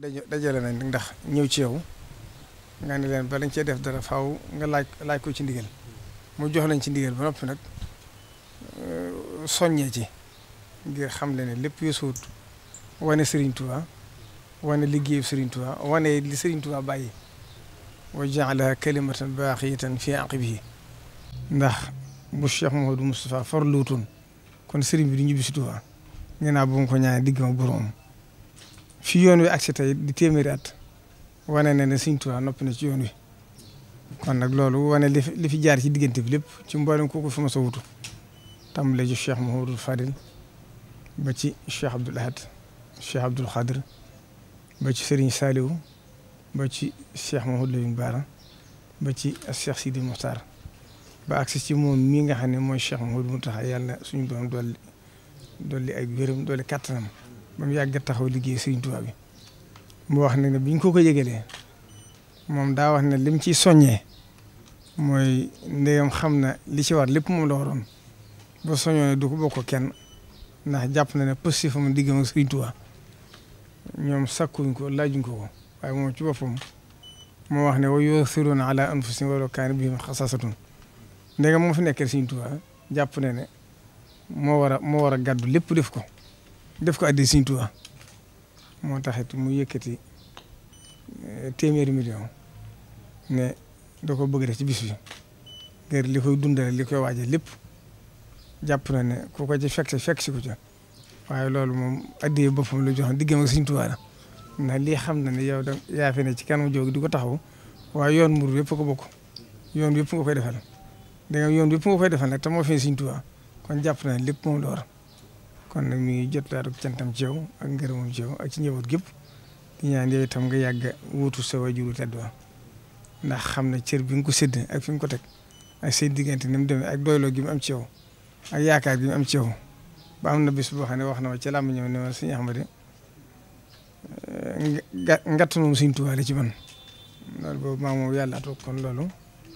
dajale nañ ndax ñëw ci yow nga ne leen ba lañ cee def dara faw nga laaj laaj ko ci ndigal mu jox lañ ci ndigal ba noppi nag euh, soññee ci ngir xam le ne lépp yu suut wane Serigne Touba wane liggéeyu Serigne Touba wane li Serigne Touba bàyyi wa jaala kalimatan baaqiyatan fi aqibihi ndax bu Cheikh Mouhamadou Moustapha farluutoon kon sëriñ bi du ñibbi si Touba nee naa bu mu ko ma boroom fi yoon wi agsi tey di téeméeri at wane na ne Sëriñ Tuubaa noppi na ci yoon wi kon nag loolu wane li fi jaar ci diggante bi lépp ci mboolem kooku fi ma sa wutu tàmbale ci Cheikh Mouhamadou Fadil ba ci Cheikh Abdoul Ahad Cheikh Abdoul Khadir ba ci Serigne Saliou ba ci Cheikh Mouhamadou Lamine Bara ba ci Cheikh Sidi Mokhtar ba agsi ci moom mii nga xam ne mooy Cheikh Mouhamadou Mountakha yàlla na suñu doon dolli dolli ay wéram dolli kattanam ba mu yàgg taxaw liggéey Sëriñ Tuubaa bi mu wax ne ne biñ ko ko yëgalee moom daa wax ne lim ci soññee mooy ndegam xam na li ci war lépp moom la waroon ba soññoo ne du bokk kenn ndax jàpp na ne positif am diggam ak Sëriñ Tuubaa ñoom sakkuñ ko laaju ko ko waaye moom ci boppam moo wax ne wa yu'thiruuna ala anfusihim walaw kaana bihim xasaasatun ndegam moo fi nekkee Sëriñ Tuubaa jàpp na ne moo war a moo war a gàddu lépp def ko def ko addi Sëriñ Tuubaa moo taxit mu yëkkati eh, téeméeri million ne da ko bëgg def ci bis bi ngir li koy dundale li koy waaje lépp jàpp na ne ku ko ci fekk fekk si ko ca loolu moom addi boppam la joxoon diggam ak Sëriñ Tuubaa la ndax lii xam na ne yow da yaa fi ci kanam jóg di ko taxaw waaye yoon mburu yëpp ko bokk yoon yëpp nga koy defal da nga yoon yëpp nga koy defal nag te moo fi Sëriñ Tuubaa kon jàpp na lépp moom la kon nag mi ngi jot laa rek cantam ci yow ak ngërëmam mu yow ak ci njaboot gépp di ñaan yow itam nga yàgg wuutu sa wajuru tedd wa ndax xam na cër bi nga ko sédd ak fi nga ko teg ak seen diggante ni mu demee ak doyloo gi am ci yow ak yaakaar gi am ci yow ba am na bis boo xam ne wax na ci làmb ñëw ne ma suñu Ahmadu eh, ngatt moom suñ tubaale ci man loolu boobu maa loolu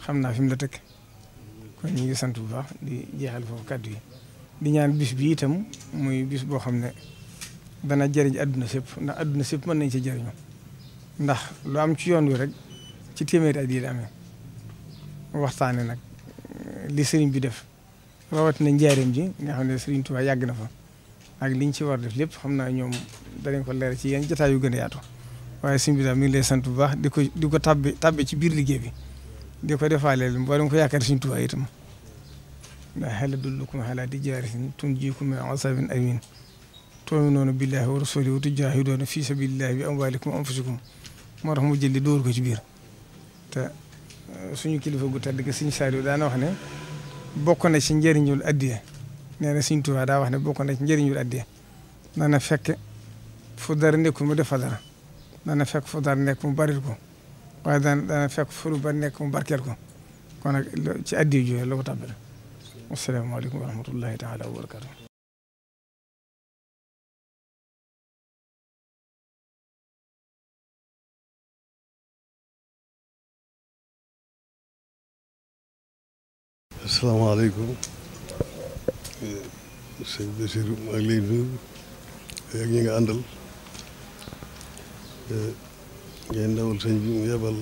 xam naa fi mu la teg kon ñu ngi sant bu baax di jeexal foofu kàddu yi di ñaan bis bi itam muy bis boo xam ne dana jëriñ àdduna sëpp ndax àdduna sëpp mën nañ ci jëriñu ndax lu am ci yoon wi rek ci téeméeri at yi amee waxtaane nag eh, li sëriñ bi def rawatina njaareem ji nga xam ne sëriñ Tuubaa yàgg na fa ak liñ ci war def lépp xam naa ñoom danañ ko leer ci yenn jotaay yu gën a yaatu waaye sëriñ bi daal mi ngi lay sant bu baax di ko di ko tàbbi tàbbi ci biir liggéey bi di ko defaaleel mboolem ko yaakaar sëriñ Tuubaa itam ndax hal adullukum ala tijaratin tunjiikum min asaabin amin tu'minuuna billahi wa rasulihi wa tujaahiduuna fi sabilillahi bi amwaalikum wa anfusikum moo tax mu jëli dóor ko ci biir te euh, suñu kilifa gu tedd gi suñu saaliw daana wax ne bokk na ci njëriñul addiya nee na daa wax ne bokk na ci njëriñul addiya dana fekk fu mu def dara dana fekk fu dara nekk mu baril ko waaye dana dana fekk fu lu nekk mu barkeel ko kon nag ci addiya jooju la asalaamaaleykum wa rahmatullahi taala wa barakatu asalaamaaleykum sëñ Bassirou maa ngi lay nuyu ak ñi nga àndal ngay ndawal sëñ bi mu yebal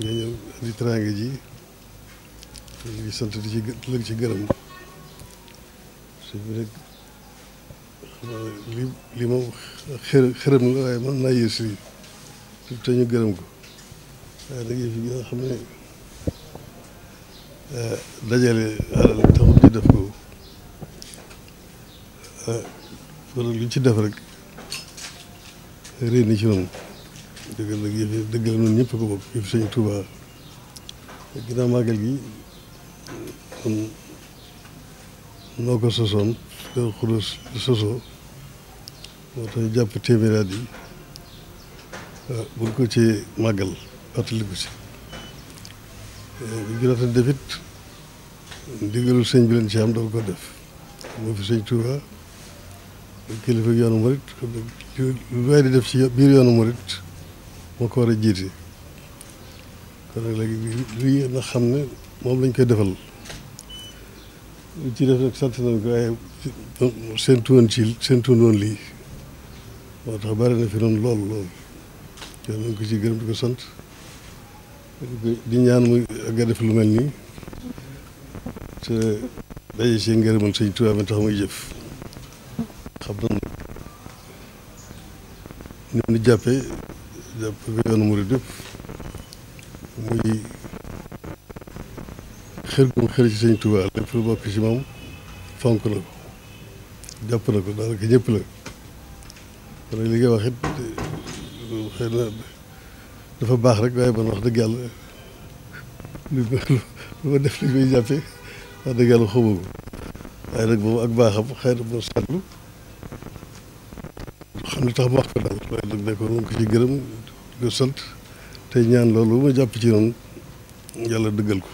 nga ñëw di teraanga ji di sant di ci lëg ci gërëm su bi rek li li moom xër xërëm la waaye mën naa yées lii te ñu gërëm ko xam ne eh, dajale alal taxul ñu def ko wala eh, ci def rek réer ni ci noonu dëgg la dëgg la noonu ñëpp ko bokk yëf Sëñ Tuubaa ginnaaw màggal gi kon noo ko sosoon Daaru Xudoos sosoo moo tax jàpp téeméeri at yi waaw ah, buñ ko ci màggal fàttaliku si bu eh, ñu rata def it ndigalul sëñ bi leen ci am dafa ko def moo fi sëñ Tuuba kilifa yoonu murit lu waay di def ci biir yoonu murit moo ko war a jiite kon nag léegi lii nga xam ne moom lañ koy defal ci def nag sant nañ ko waaye séntu woon ci séntu woon lii moo tax bari na fi noonu lool lool kon nañ ko ci gërëm di ko sant di ñaan muy ga def lu mel nii te daje ci ngërëmal sëñ Tuubaa mi tax muy jëf xam na nag ni jàppee jàpp ko yoonu murid muy xër gum xër ci sëñ Tuubaa lu bokk ci moom fonk na ko jàpp na ko daanaka ñëpp la kon nag li nga wax it xëy na dafa baax rek waaye man wax dëgg yàlla lu ma def li muy jàppee nag moom ak baaxam xëy xam li tax ma wax daal waaye nag ne ko moom ci gërëm di ko sant te ñaan loolu ma jàpp ci noonu yàlla dëggal ko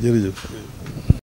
jërëjëf.